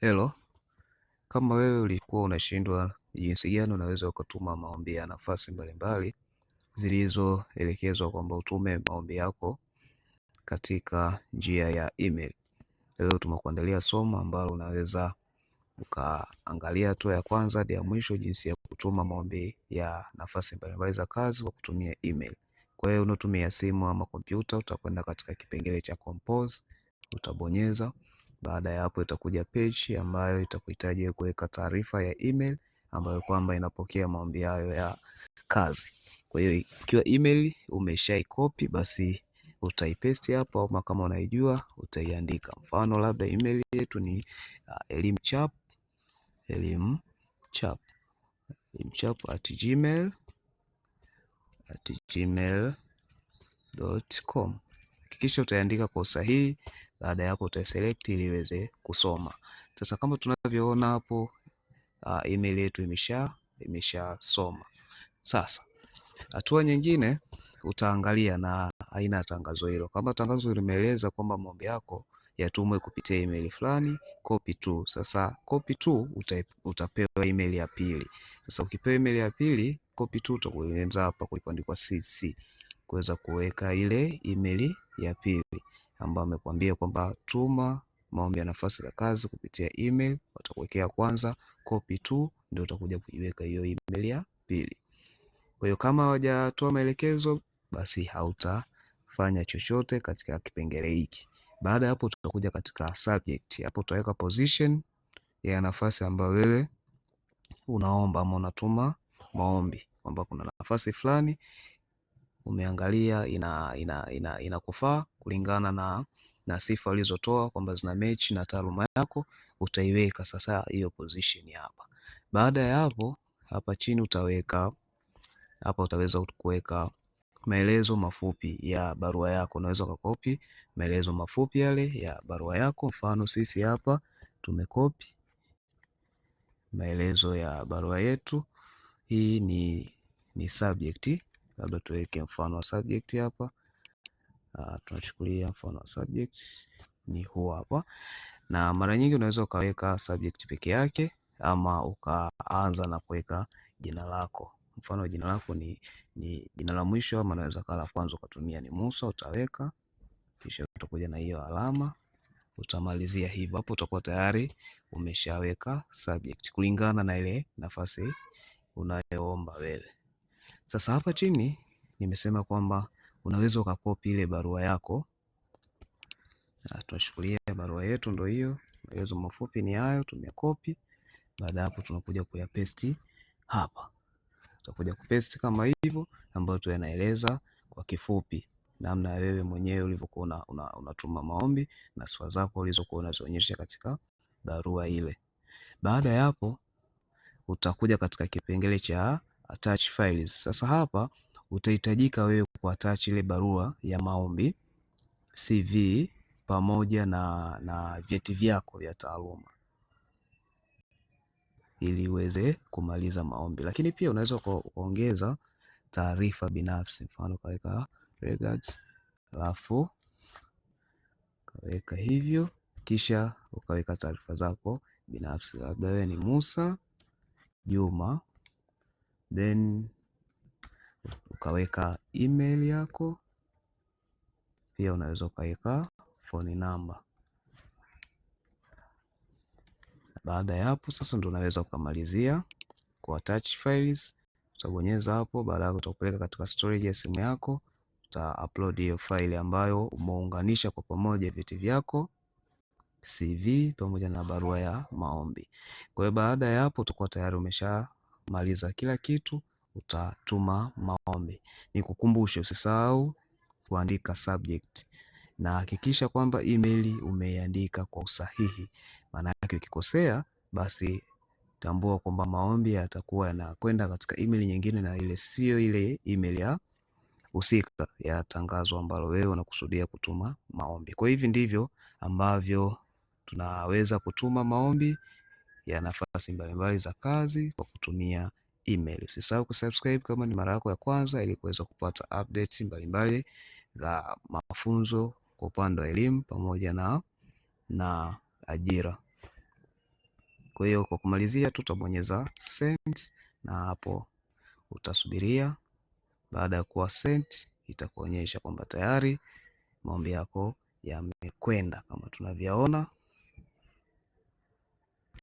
Hello, kama wewe ulikuwa unashindwa jinsi gani unaweza ukatuma maombi ya nafasi mbalimbali zilizoelekezwa kwamba utume maombi yako katika njia ya email, leo tumekuandalia somo ambalo unaweza ukaangalia hatua ya kwanza hadi ya mwisho, jinsi ya kutuma maombi ya nafasi mbalimbali za kazi kwa kutumia email. Kwa hiyo unatumia simu ama kompyuta, utakwenda katika kipengele cha compose, utabonyeza baada ya hapo itakuja page ambayo itakuhitaji kuweka taarifa ya email ambayo kwamba inapokea maombi hayo ya kazi. Kwa hiyo ikiwa email umeshaikopi basi utaipaste hapo, au kama unaijua utaiandika. Mfano labda email yetu ni uh, elimchap elimchap elimchap at gmail at gmail.com. Hakikisha utaiandika kwa usahihi baada ya hapo utaselect ili iweze kusoma. Sasa kama tunavyoona hapo uh, email yetu imesha imeshasoma. Sasa hatua nyingine utaangalia na aina ya tangazo hilo. Kama tangazo limeeleza kwamba maombi yako yatumwe kupitia email fulani, copy tu. Sasa copy tu uta, utapewa email ya pili. Sasa ukipewa email ya pili copy tu utakueleza hapa kulipoandikwa CC kuweza kuweka ile email ya pili ambao amekuambia kwamba tuma maombi ya nafasi za kazi kupitia email, watakuwekea kwanza copy tu, ndio utakuja kuiweka hiyo email ya pili. Kwa hiyo kama hawajatoa maelekezo, basi hautafanya chochote katika kipengele hiki. Baada ya hapo, tutakuja katika subject. Hapo utaweka position ya nafasi ambayo wewe unaomba ama unatuma maombi kwamba kuna nafasi fulani umeangalia ina ina, ina, ina kulingana na, na sifa ulizotoa kwamba zina mechi na taaluma yako, utaiweka sasa hiyo position hapa. Baada ya hapo, hapa chini utaweka hapa, utaweza kuweka maelezo mafupi ya barua yako. Unaweza ukakopi maelezo mafupi yale ya barua yako. Mfano sisi hapa tumekopi maelezo ya barua yetu. Hii ni, ni subject labda tuweke mfano wa subject hapa. Uh, tunachukulia mfano wa subject ni huu hapa, na mara nyingi unaweza ukaweka subject peke yake ama ukaanza na kuweka jina lako. Mfano jina lako ni, ni jina la mwisho ama unaweza kala kwanza ukatumia ni Musa, utaweka kisha utakuja na hiyo alama utamalizia hivyo. Hapo utakuwa tayari umeshaweka subject kulingana na ile nafasi unayoomba wewe. Sasa hapa chini nimesema kwamba unaweza ukakopi ile barua yako. Tunashukulia barua yetu ndo hiyo, maelezo mafupi ni hayo, tumekopi. Baada hapo tunakuja kuyapesti hapa, tutakuja kupesti kama hivyo, ambayo tu yanaeleza kwa kifupi namna ya wewe mwenyewe ulivyokuwa unatuma una maombi na sifa zako ulizokuwa unazionyesha katika barua ile. Baada ya hapo utakuja katika kipengele cha attach files. Sasa hapa utahitajika wewe kuattach ile barua ya maombi, CV pamoja na, na vyeti vyako vya taaluma ili uweze kumaliza maombi, lakini pia unaweza kuongeza taarifa binafsi, mfano kaweka regards, alafu ukaweka hivyo, kisha ukaweka taarifa zako binafsi, labda wewe ni Musa Juma then ukaweka email yako, pia unaweza ukaweka phone number. Baada ya hapo sasa ndo unaweza ukamalizia ku attach files, utabonyeza hapo. Baada ya utakupeleka katika storage ya simu yako, uta upload hiyo faili ambayo umeunganisha kwa pamoja vyeti vyako CV pamoja na barua ya maombi. Kwa hiyo baada ya hapo utakuwa tayari umesha maliza kila kitu utatuma maombi. Nikukumbushe usisahau kuandika subject na hakikisha kwamba email umeiandika kwa usahihi, maana yake ukikosea basi tambua kwamba maombi yatakuwa yanakwenda katika email nyingine na ile sio ile email ya husika ya tangazo ambalo wewe unakusudia kutuma maombi. Kwa hivi ndivyo ambavyo tunaweza kutuma maombi ya nafasi mbalimbali za kazi kwa kutumia email. Usisahau kusubscribe kama ni mara yako ya kwanza ili kuweza kupata update mbalimbali za mafunzo kwa upande wa elimu pamoja na, na ajira. Kwa hiyo kwa kumalizia, tutabonyeza send na hapo utasubiria. Baada ya kuwa sent, itakuonyesha kwamba tayari maombi yako yamekwenda kama tunavyoona.